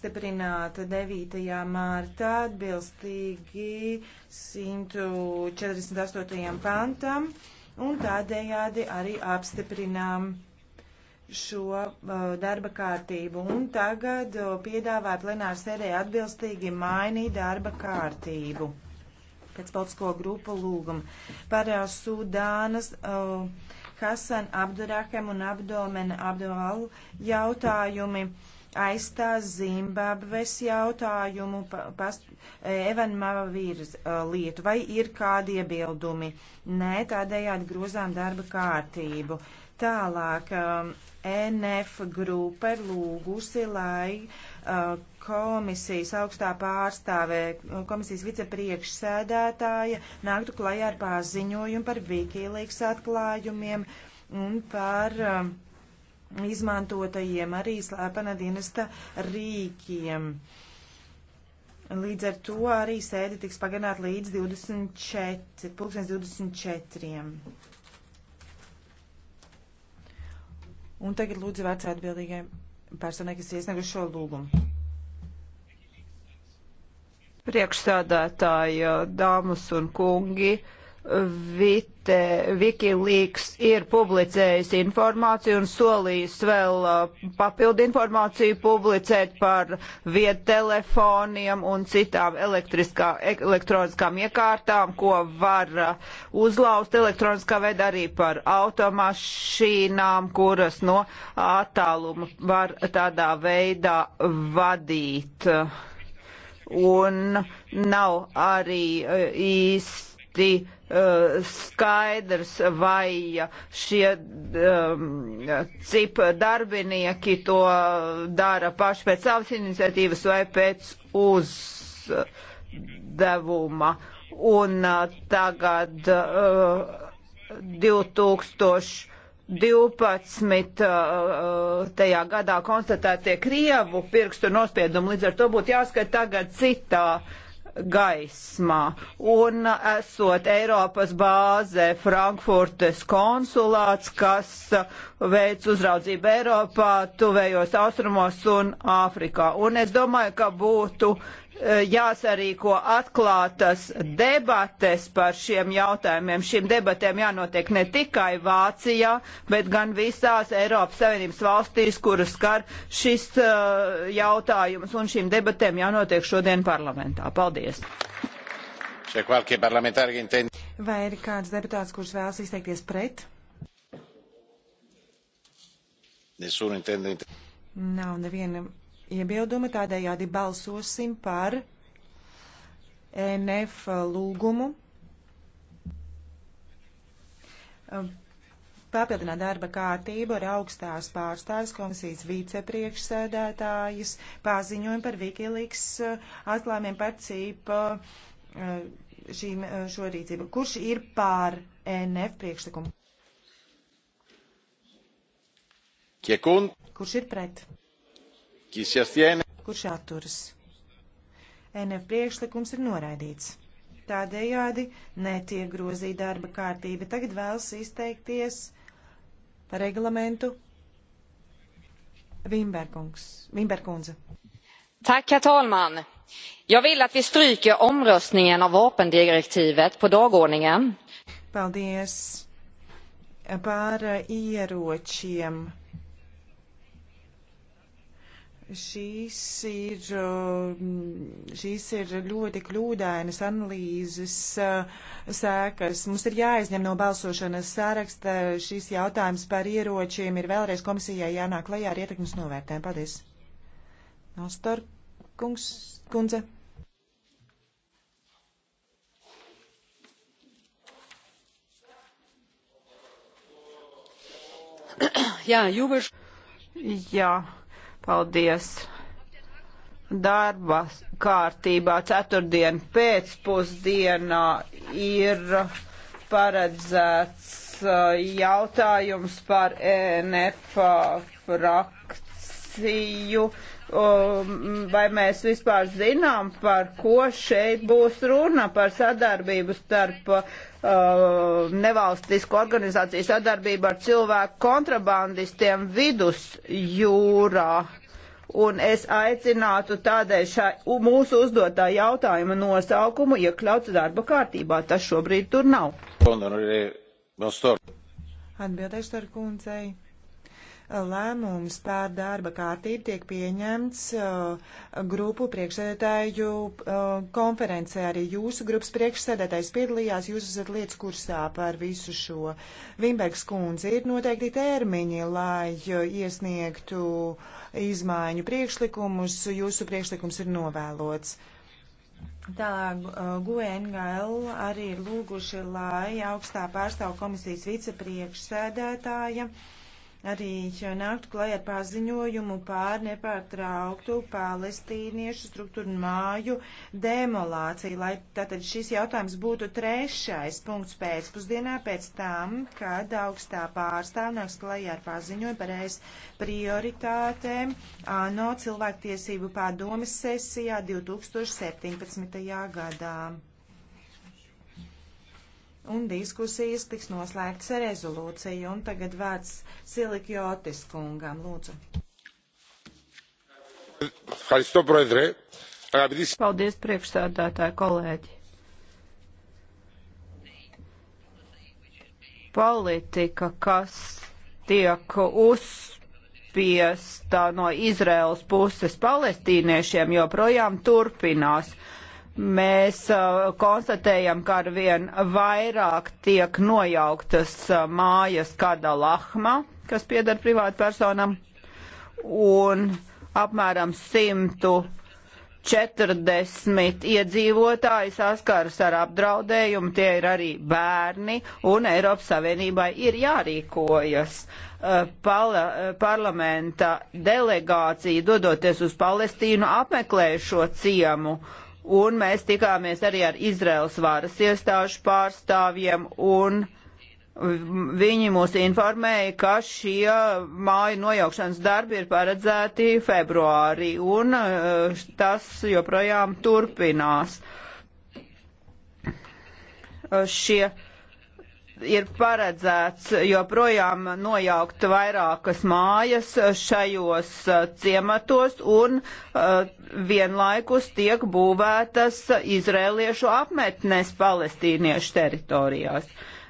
stiprināta 9. mārtā atbilstīgi 148. pantam un tādējādi arī apstiprinām šo uh, darba kārtību. Un tagad uh, piedāvā plenāru sēdē atbilstīgi mainīt darba kārtību pēc politisko grupu lūgumu. Par uh, Sudānas uh, Hasan Abdurakem un Abdomen Abdual jautājumi. Uh, aizstās Zimbabves jautājumu, past, e, Evan Mavavīras e, lietu, vai ir kādi iebildumi? Nē, tādējādi grozām darba kārtību. Tālāk, um, e, NF grupa ir lūgusi, lai uh, komisijas augstā pārstāvē, komisijas vicepriekšsēdētāja nāktu klajā ar paziņojumu par Wikileaks atklājumiem un par uh, izmantotajiem arī slēpena dienesta rīkiem. Līdz ar to arī sēde tiks pagarināta līdz 24, 2024. Un tagad lūdzu vērts atbildīgai personai, kas iesnieguši šo lūgumu. Priekšsādātāji, dāmas un kungi. Vite, Wikileaks ir publicējis informāciju un solījis vēl uh, papildu informāciju publicēt par viedtelefoniem un citām elektriskā, elektroniskām iekārtām, ko var uh, uzlauzt elektroniskā veidā arī par automašīnām, kuras no attāluma var tādā veidā vadīt. Un nav arī uh, īsti Uh, skaidrs, vai šie um, cip darbinieki to dara paši pēc savas iniciatīvas vai pēc uzdevuma. Un uh, tagad uh, 2000. 12. Uh, tajā gadā konstatētie Krievu pirkstu nospiedumi, līdz ar to būtu jāskat tagad citā uh, gaismā. Un esot Eiropas bāzē Frankfurtes konsulāts, kas veic uzraudzību Eiropā, tuvējos austrumos un Āfrikā. Un es domāju, ka būtu Eh, jāsarīko atklātas debates par šiem jautājumiem. Šīm debatēm jānotiek ne tikai Vācijā, bet gan visās Eiropas Savienības valstīs, kuras skar šis uh, jautājums, un šīm debatēm jānotiek šodien parlamentā. Paldies! Vai ir kāds deputāts, kurš vēlas izteikties pret? Nav neviena iebildumi, tādējādi balsosim par NF lūgumu um, papildināt darba kārtību ar augstās pārstāvis komisijas vicepriekšsēdētājas paziņojumu par Wikileaks uh, atklājumiem par cīpa uh, uh, šīm, šo rīcību. Kurš ir pār NF priekšlikumu? Kiekun. Kurš ir pret? Kurš atturas? NF priekšlikums ir noraidīts. Tādējādi netiek grozīta darba kārtība. Tagad vēlas izteikties par reglamentu Vimberkundze. Tack, herr talman! Jag vill att vi stryker omröstningen av vapendirektivet på dagordningen. Paldies par ieročiem Šīs ir, um, šīs ir ļoti kļūdainas analīzes uh, sēkas. Mums ir jāizņem no balsošanas sāraksta šīs jautājums par ieročiem. Ir vēlreiz komisijai jānāk klajā ar ietekmes novērtēm. Paldies. Nostar kungs, kundze. Jā, jūbež. Jā. Paldies! Darba kārtībā ceturtdien pēcpusdienā ir paredzēts uh, jautājums par ENF frakciju. Um, vai mēs vispār zinām, par ko šeit būs runa, par sadarbību starp uh, nevalstisku organizāciju sadarbību ar cilvēku kontrabandistiem vidus jūrā. Un es aicinātu tādēļ šai mūsu uzdotā jautājuma nosaukumu iekļaut darba kārtībā. Tas šobrīd tur nav. Nu, e, Atbildēšu ar kundzei lēmums pār darba kārtību tiek pieņemts uh, grupu priekšsēdētāju uh, konferencē. Arī jūsu grupas priekšsēdētājs piedalījās, jūs esat lietas kursā par visu šo. Vimbergs kundze ir noteikti termiņi, lai uh, iesniegtu izmaiņu priekšlikumus. Jūsu priekšlikums ir novēlots. Tā uh, GUNGL arī ir lūguši, lai augstā pārstāvu komisijas vicepriekšsēdētāja uh, arī nākt klajā ar paziņojumu pār nepārtrauktu palestīniešu struktūru māju demolāciju, lai tātad šis jautājums būtu trešais punkts pēcpusdienā pēc tam, kad augstā pārstāv nāks klajā ar paziņojumu par es prioritātēm ANO cilvēktiesību padomes sesijā 2017. gadā un diskusijas tiks noslēgtas ar rezolūciju. Un tagad vārds Silikjotis kungam, lūdzu. Paldies, priekšsādātāji kolēģi. Politika, kas tiek uzspiesta no Izraels puses palestīniešiem, joprojām turpinās. Uh, mēs uh, konstatējam, ka arvien vairāk tiek nojauktas uh, mājas kāda lahma, kas pieder privātpersonam, un apmēram 140 iedzīvotāji saskaras ar apdraudējumu, tie ir arī bērni, un Eiropas Savienībai ir jārīkojas. Uh, pala, uh, parlamenta delegācija, dodoties uz Palestīnu, apmeklē šo ciemu un mēs tikāmies arī ar Izraels varas iestāžu pārstāvjiem, un viņi mūs informēja, ka šie māju nojaukšanas darbi ir paredzēti februārī, un eh, tas joprojām turpinās. Eh, šie ir paredzēts joprojām nojaukt vairākas mājas šajos uh, ciematos un uh, vienlaikus tiek būvētas izrēliešu apmetnes palestīniešu teritorijās.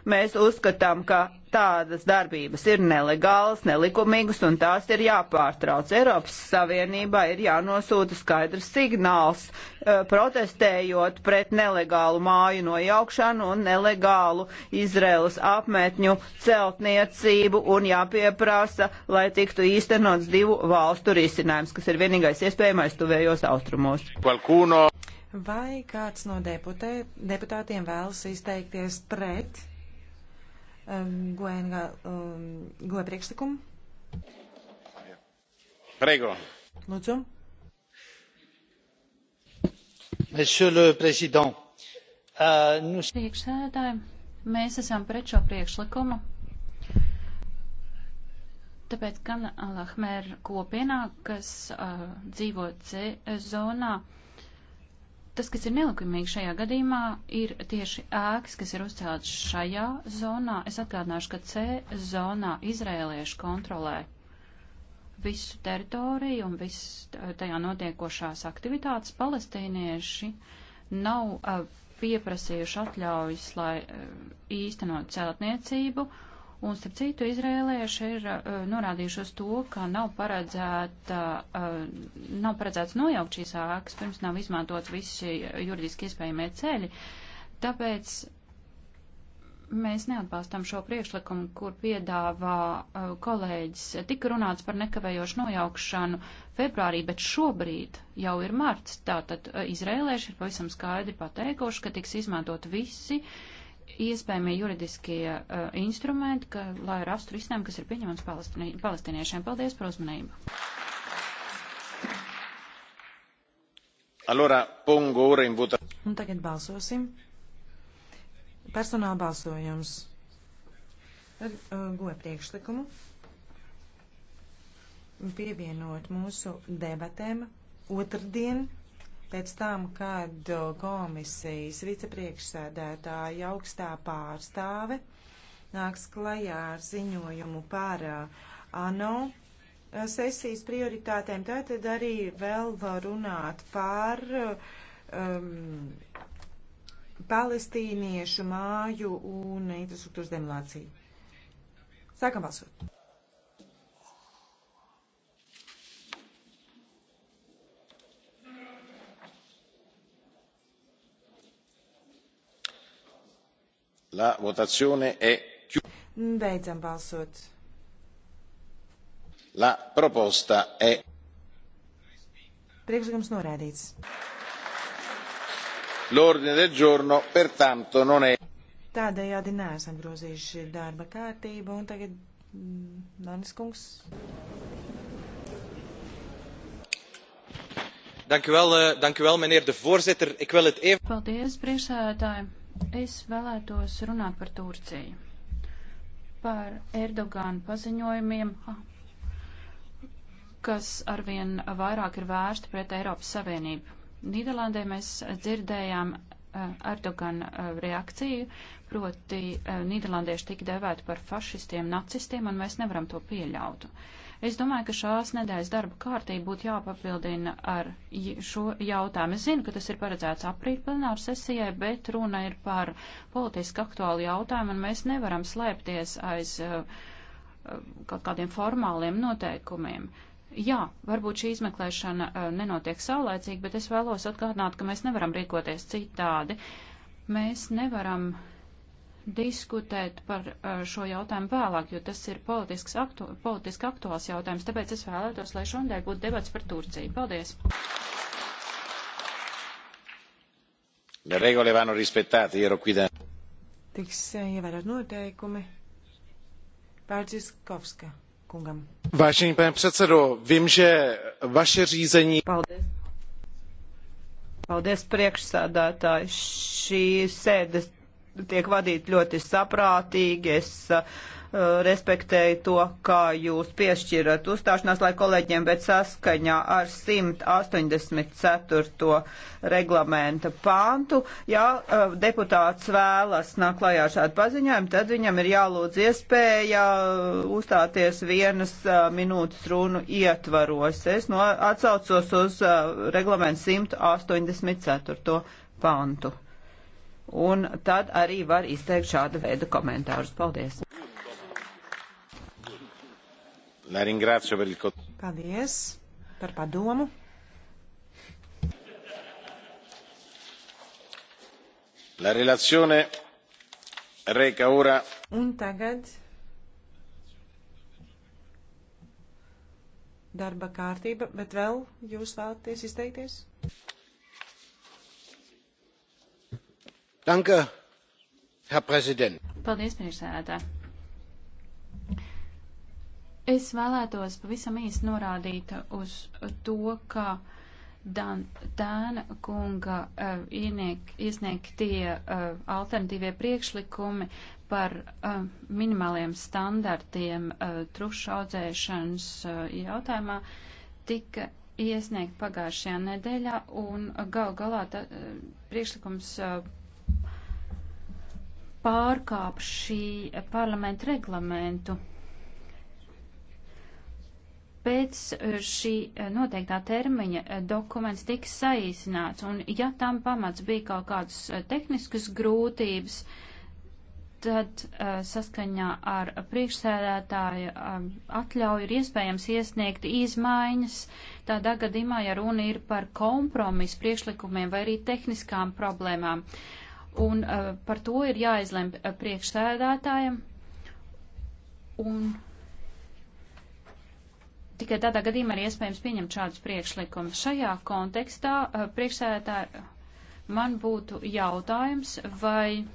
Mēs uzskatām, ka tādas darbības ir nelegālas, nelikumīgas un tās ir jāpārtrauc. Eiropas Savienībā ir jānosūta skaidrs signāls uh, protestējot pret nelegālu māju nojaukšanu un nelegālu Izraels apmetņu celtniecību un jāpieprasa, lai tiktu īstenots divu valstu risinājums, kas ir vienīgais iespējamais tuvējos austrumos. Vai kāds no deputē, deputātiem vēlas izteikties pret? Um, goja um, priekšlikumu. Prego. Lūdzu. Monsieur le Président, uh, nu... priekšsēdētāji, mēs esam pret šo priekšlikumu, tāpēc gan Lahmēra kopienā, kas uh, dzīvo C zonā, uh, Tas, kas ir nelikumīgi šajā gadījumā, ir tieši ēkas, kas ir uzceltas šajā zonā. Es atgādināšu, ka C zonā izrēlieši kontrolē visu teritoriju un viss tajā notiekošās aktivitātes. Palestīnieši nav pieprasījuši atļaujas, lai īstenot celtniecību Un, starp citu, izrēlieši ir uh, eh, norādījuši uz to, ka nav, paredzēta, uh, nav paredzēts nojaukt šīs ēkas, pirms nav izmantots visi juridiski iespējamie ceļi. Tāpēc mēs neatbalstam šo priekšlikumu, kur piedāvā uh, kolēģis. Tika runāts par nekavējošu nojaukšanu februārī, bet šobrīd jau ir marts. Tātad uh, izrēlieši ir pavisam skaidri pateikuši, ka tiks izmantot visi uh, iespējamie juridiskie uh, instrumenti, ka, lai rastu risinājumu, kas ir pieņemams palestini, palestiniešiem. Paldies par uzmanību. Allora, pongo ora in vota. Un tagad balsosim. Personāla balsojums. Ar uh, goja priekšlikumu pievienot mūsu debatēm otrdien Pēc tam, kad komisijas vicepriekšsēdētāja augstā pārstāve nāks klajā ar ziņojumu par uh, ANO uh, sesijas prioritātēm, tātad arī vēl var runāt par uh, um, palestīniešu māju un infrastruktūras demolāciju. Sākam balsot! La votazione è chiusa. Beidzam balsot. La proposta è. Priekšlikums norādīts. L'ordine del giorno pertanto non è. Tādējādi neesam grozījuši darba kārtību un tagad Danis mm, Kungs. Dank u wel, uh, dank u wel meneer de voorzitter. Ik wil het even. Paldies, priekšsēdētāji. Es vēlētos runāt par Turciju, par Erdogānu paziņojumiem, kas arvien vairāk ir vērsti pret Eiropas Savienību. Nīderlandē mēs dzirdējām Eh, Erdogana eh, reakciju, proti eh, Nīderlandieši tika devēti par fašistiem, nacistiem, un mēs nevaram to pieļaut. Es domāju, ka šās nedēļas darba kārtība būtu jāpapildina ar šo jautājumu. Es zinu, ka tas ir paredzēts aprīļa plenāru sesijai, bet runa ir par politiski aktuālu jautājumu, un mēs nevaram slēpties aiz kaut kādiem formāliem noteikumiem. Uh, Jā, varbūt šī izmeklēšana uh, nenotiek saulēcīgi, bet es vēlos atgādināt, ka mēs nevaram rīkoties citādi. Mēs nevaram diskutēt par uh, šo jautājumu vēlāk, jo tas ir politisks aktu, politiski aktuāls jautājums. Tāpēc es vēlētos, lai šodien būtu debats par Turciju. Paldies! Le regole vanno rispettate, ero qui da. Tiks eh, ievērot noteikumi. Pārdzis Kovska kungam. Vážený pane predsedo, viem, že vaše řízení. Paldies. Paldies priekšsādātāji. Šī sēdes tiek vadīti ļoti saprātīgi. Es uh, respektēju to, kā jūs piešķirat uzstāšanās lai kolēģiem, bet saskaņā ar 184. reglamenta pāntu, ja uh, deputāts vēlas nāk klajā šādu paziņojumu, tad viņam ir jālūdz iespēja uh, uzstāties vienas uh, minūtes runu ietvaros. Es no, atsaucos uz reglamentu 184. pāntu un tad arī var izteikt šāda veida komentārus. Paldies! Paldies par padomu. La relazione reca ora. Un tagad darba kārtība, bet vēl jūs vēlaties izteikties? Danke, Herr Präsident. Paldies, priekšsēdētāj. Es vēlētos pavisam īsti norādīt uz to, ka Dāna kunga uh, ieniek, iesniegtie uh, alternatīvie priekšlikumi par uh, minimāliem standartiem uh, trušu audzēšanas uh, jautājumā tika iesniegt pagājušajā nedēļā, un gal galā ta, uh, priekšlikums uh, pārkāp šī parlamenta reglamentu. Pēc šī noteiktā termiņa dokuments tika saīsināts, un ja tam pamats bija kaut kādas tehniskas grūtības, tad eh, saskaņā ar priekšsēdētāju eh, atļauju ir iespējams iesniegt izmaiņas. Tādā gadījumā, ja runa ir par kompromisu priekšlikumiem vai arī tehniskām problēmām. Uh, un uh, par to ir jāizlem uh, priekšsēdētājiem. Un tikai tādā gadījumā ir iespējams pieņemt šādus priekšlikumus. Šajā kontekstā uh, priekšsēdētāji man būtu jautājums, vai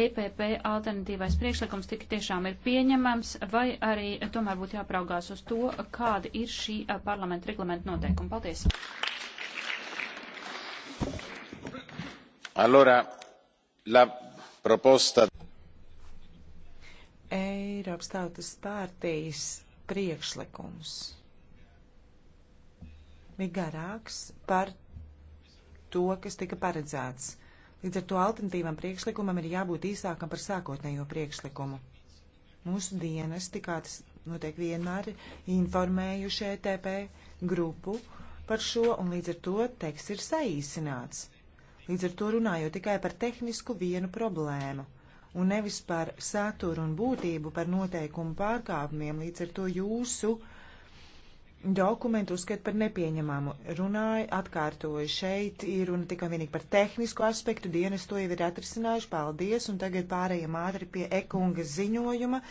EPP alternatīvais priekšlikums tik tiešām ir pieņemams, vai arī tomēr būtu jāpraugās uz to, kāda ir šī uh, parlamenta reglamenta noteikuma. Paldies! Allora, la proposta. Eiropas tautas partijas priekšlikums bija garāks par to, kas tika paredzēts. Līdz ar to alternatīvam priekšlikumam ir jābūt īsākam par sākotnējo priekšlikumu. Mūsu dienesti, kā tas notiek vienmēr, informējuši ETP grupu par šo, un līdz ar to teksts ir saīsināts. Līdz ar to runāju tikai par tehnisku vienu problēmu un nevis par saturu un būtību, par noteikumu pārkāpumiem. Līdz ar to jūsu dokumentu uzskat par nepieņemamu. Runāju, atkārtoju, šeit ir runa tikai vienīgi par tehnisku aspektu. Dienas to jau ir atrisinājuši. Paldies! Un tagad pārējiem ātri pie ekunga ziņojuma.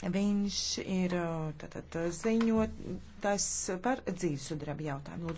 Viņš ir uh, tātad ziņotājs par dzīvesudrabu jautājumu.